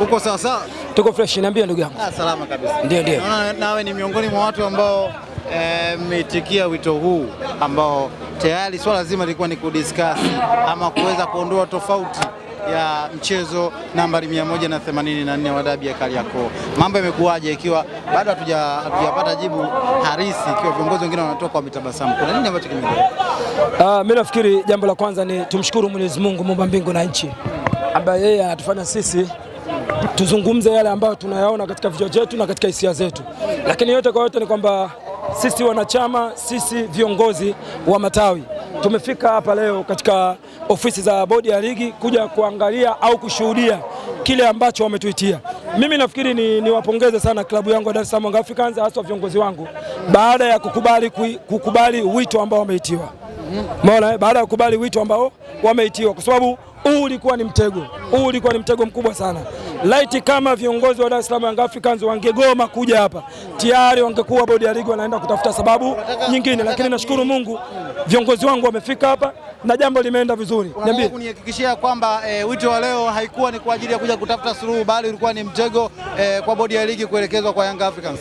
Uko sawa sawa? Tuko fresh, niambie ndugu yangu. Ah, salama kabisa. Ndio, ndio. Naona nawe ni miongoni mwa watu ambao eh, mmeitikia wito huu ambao tayari swala zima lilikuwa ni kudiscuss ama kuweza kuondoa tofauti ya mchezo nambari 184 na wa dabi ya Kariakoo. Mambo yamekuwaje ikiwa bado hatujapata jibu harisi, ikiwa viongozi wengine wanatoka wametabasamu? Kuna nini ambacho kimeendelea? Uh, mimi nafikiri jambo la kwanza ni tumshukuru Mwenyezi Mungu muumba mbingu na nchi ambaye yeye anatufanya sisi tuzungumze yale ambayo tunayaona katika vichwa vyetu na katika hisia zetu, lakini yote kwa yote ni kwamba sisi wanachama, sisi viongozi wa matawi tumefika hapa leo katika ofisi za bodi ya ligi kuja kuangalia au kushuhudia kile ambacho wametuitia. Mimi nafikiri ni niwapongeze sana klabu yangu ya Dar es Salaam Young Africans, hasa viongozi wangu baada ya kukubali, kukubali wito ambao wameitiwa. Umeona, eh? baada ya kukubali wito ambao wameitiwa kwa sababu huu ulikuwa ni mtego, huu ulikuwa ni mtego mkubwa sana. Laiti kama viongozi wa Dar es Salaam Young Africans wangegoma kuja hapa tayari wangekuwa bodi ya ligi wanaenda kutafuta sababu nyingine, lakini nashukuru Mungu viongozi wangu wamefika hapa na jambo limeenda vizuri. Niambie, kunihakikishia kwamba e, wito wa leo haikuwa ni kwa ajili ya kuja kutafuta suluhu, bali ulikuwa ni mtego e, kwa bodi ya ligi kuelekezwa kwa Young Africans.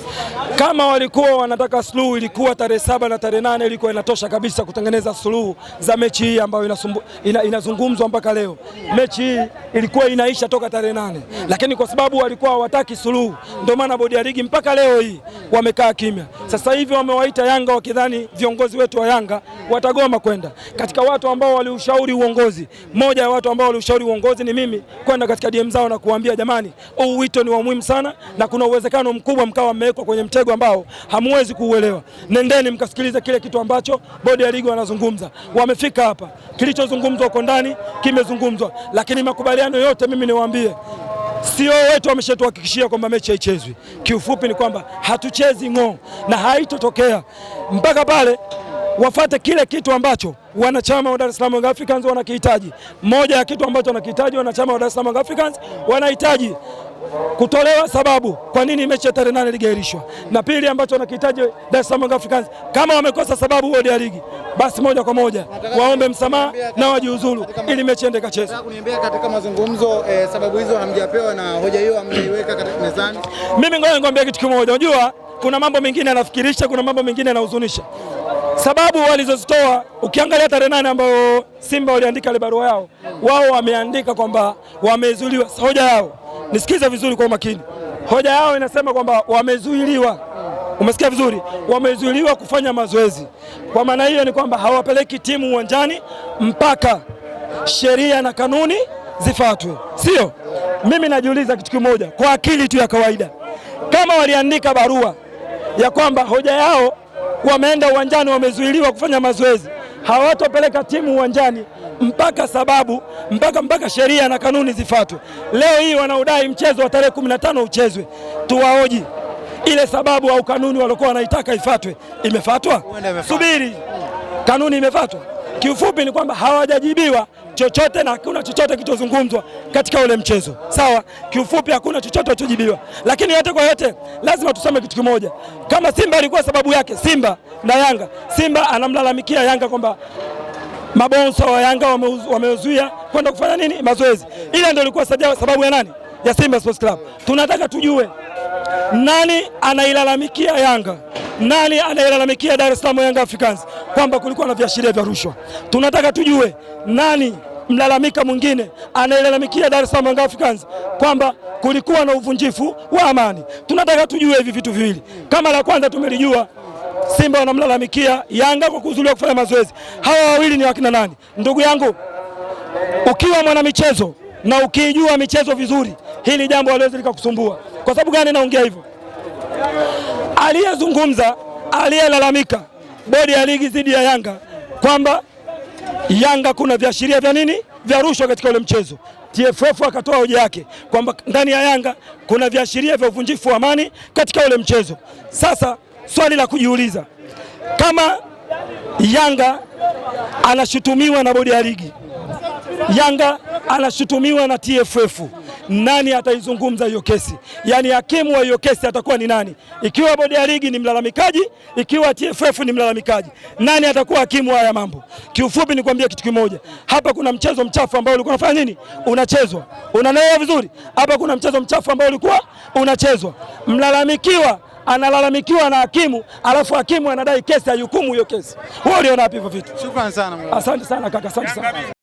Kama walikuwa wanataka suluhu, ilikuwa tarehe saba na tarehe nane ilikuwa inatosha kabisa kutengeneza suluhu za mechi hii ambayo ina, inazungumzwa mpaka leo. Mechi hii ilikuwa inaisha toka tarehe nane, lakini kwa sababu walikuwa hawataki suluhu, ndio maana bodi ya ligi mpaka leo hii wamekaa kimya. Sasa hivi wamewaita Yanga wakidhani viongozi wetu wa Yanga watagoma kwenda katika watu wa ambao waliushauri uongozi, mmoja ya watu ambao waliushauri uongozi ni mimi kwenda katika DM zao na kuambia jamani, huu wito ni wa muhimu sana na kuna uwezekano mkubwa mkawa mmewekwa kwenye mtego ambao hamwezi kuuelewa. Nendeni mkasikilize kile kitu ambacho bodi ya ligi wanazungumza. Wamefika hapa, kilichozungumzwa huko ndani kimezungumzwa, lakini makubaliano yote mimi niwaambie sio e wetu wameshatuhakikishia kwamba mechi haichezwi. Kiufupi ni kwamba hatuchezi ngo na haitotokea mpaka pale wafate kile kitu ambacho wanachama wa Dar es Salaam Young Africans wanakihitaji. Moja ya kitu ambacho wanakihitaji wanachama wa Dar es Salaam Young Africans wanahitaji kutolewa sababu kwa nini mechi ya tarehe nane iligairishwa, na pili ambacho wanakihitaji Dar es Salaam Young Africans, kama wamekosa sababu bodi ya ligi, basi moja kwa moja waombe msamaha na wajiuzuru ili mechi ende kacheza. Kuniambia katika mazungumzo eh, sababu hizo hamjapewa na hoja hiyo hamjaiweka katika mezani. Mimi ngoja nikwambie kitu kimoja, unajua kuna mambo mengine yanafikirisha, kuna mambo mengine yanahuzunisha sababu walizozitoa ukiangalia tarehe nane ambayo Simba waliandika ile barua yao, wao wameandika kwamba wamezuiliwa. Hoja yao nisikize vizuri kwa makini, hoja yao inasema kwamba wamezuiliwa, umesikia vizuri, wamezuiliwa kufanya mazoezi. Kwa maana hiyo ni kwamba hawapeleki timu uwanjani mpaka sheria na kanuni zifuatwe, sio? Mimi najiuliza kitu kimoja kwa akili tu ya kawaida, kama waliandika barua ya kwamba hoja yao wameenda uwanjani, wamezuiliwa kufanya mazoezi, hawatopeleka timu uwanjani mpaka sababu mpaka mpaka sheria na kanuni zifuatwe. Leo hii wanaodai mchezo wa tarehe 15 uchezwe, tuwaoji ile sababu au kanuni waliokuwa wanaitaka ifuatwe, imefuatwa? Subiri, kanuni imefuatwa. Kiufupi ni kwamba hawajajibiwa chochote na hakuna chochote kilichozungumzwa katika ule mchezo. Sawa, kiufupi hakuna chochote kilichojibiwa, lakini yote kwa yote lazima tuseme kitu kimoja. Kama Simba ilikuwa sababu yake Simba na Yanga, Simba anamlalamikia Yanga kwamba mabonso wa Yanga wamezuia kwenda kufanya nini mazoezi. Ile ndio ilikuwa sababu ya nani ya Simba Sports Club. Tunataka tujue nani anailalamikia Yanga, nani anailalamikia Dar es Salaam Young Africans kwamba kulikuwa na viashiria vya rushwa. Tunataka tujue nani mlalamika mwingine anayelalamikia Dar es Salaam Young Africans kwamba kulikuwa na uvunjifu wa amani. Tunataka tujue hivi vitu viwili. Kama la kwanza tumelijua, Simba wanamlalamikia Yanga kwa kuzuliwa kufanya mazoezi. Hawa wawili ni wakina nani? Ndugu yangu, ukiwa mwanamichezo na ukijua michezo vizuri, hili jambo haliwezi likakusumbua. Kwa sababu gani naongea hivyo? Aliyezungumza, aliyelalamika bodi ya ligi dhidi ya Yanga kwamba Yanga kuna viashiria vya nini vya rushwa katika ule mchezo. TFF akatoa hoja yake kwamba ndani ya Yanga kuna viashiria vya uvunjifu wa amani katika ule mchezo. Sasa swali la kujiuliza, kama Yanga anashutumiwa na bodi ya ligi, Yanga anashutumiwa na TFF nani ataizungumza hiyo kesi, yaani hakimu wa hiyo kesi atakuwa ni nani? Ikiwa bodi ya ligi ni mlalamikaji, ikiwa TFF ni mlalamikaji, nani atakuwa hakimu haya mambo? Kiufupi nikwambie kitu kimoja, hapa kuna mchezo mchafu ambao ulikuwa unafanya nini, unachezwa. Unaelewa vizuri, hapa kuna mchezo mchafu ambao ulikuwa unachezwa. Mlalamikiwa analalamikiwa na hakimu, alafu hakimu anadai kesi, ayukumu hiyo kesi. Wewe uliona wapi hivyo vitu? Shukrani sana, asante sana kaka, asante sana.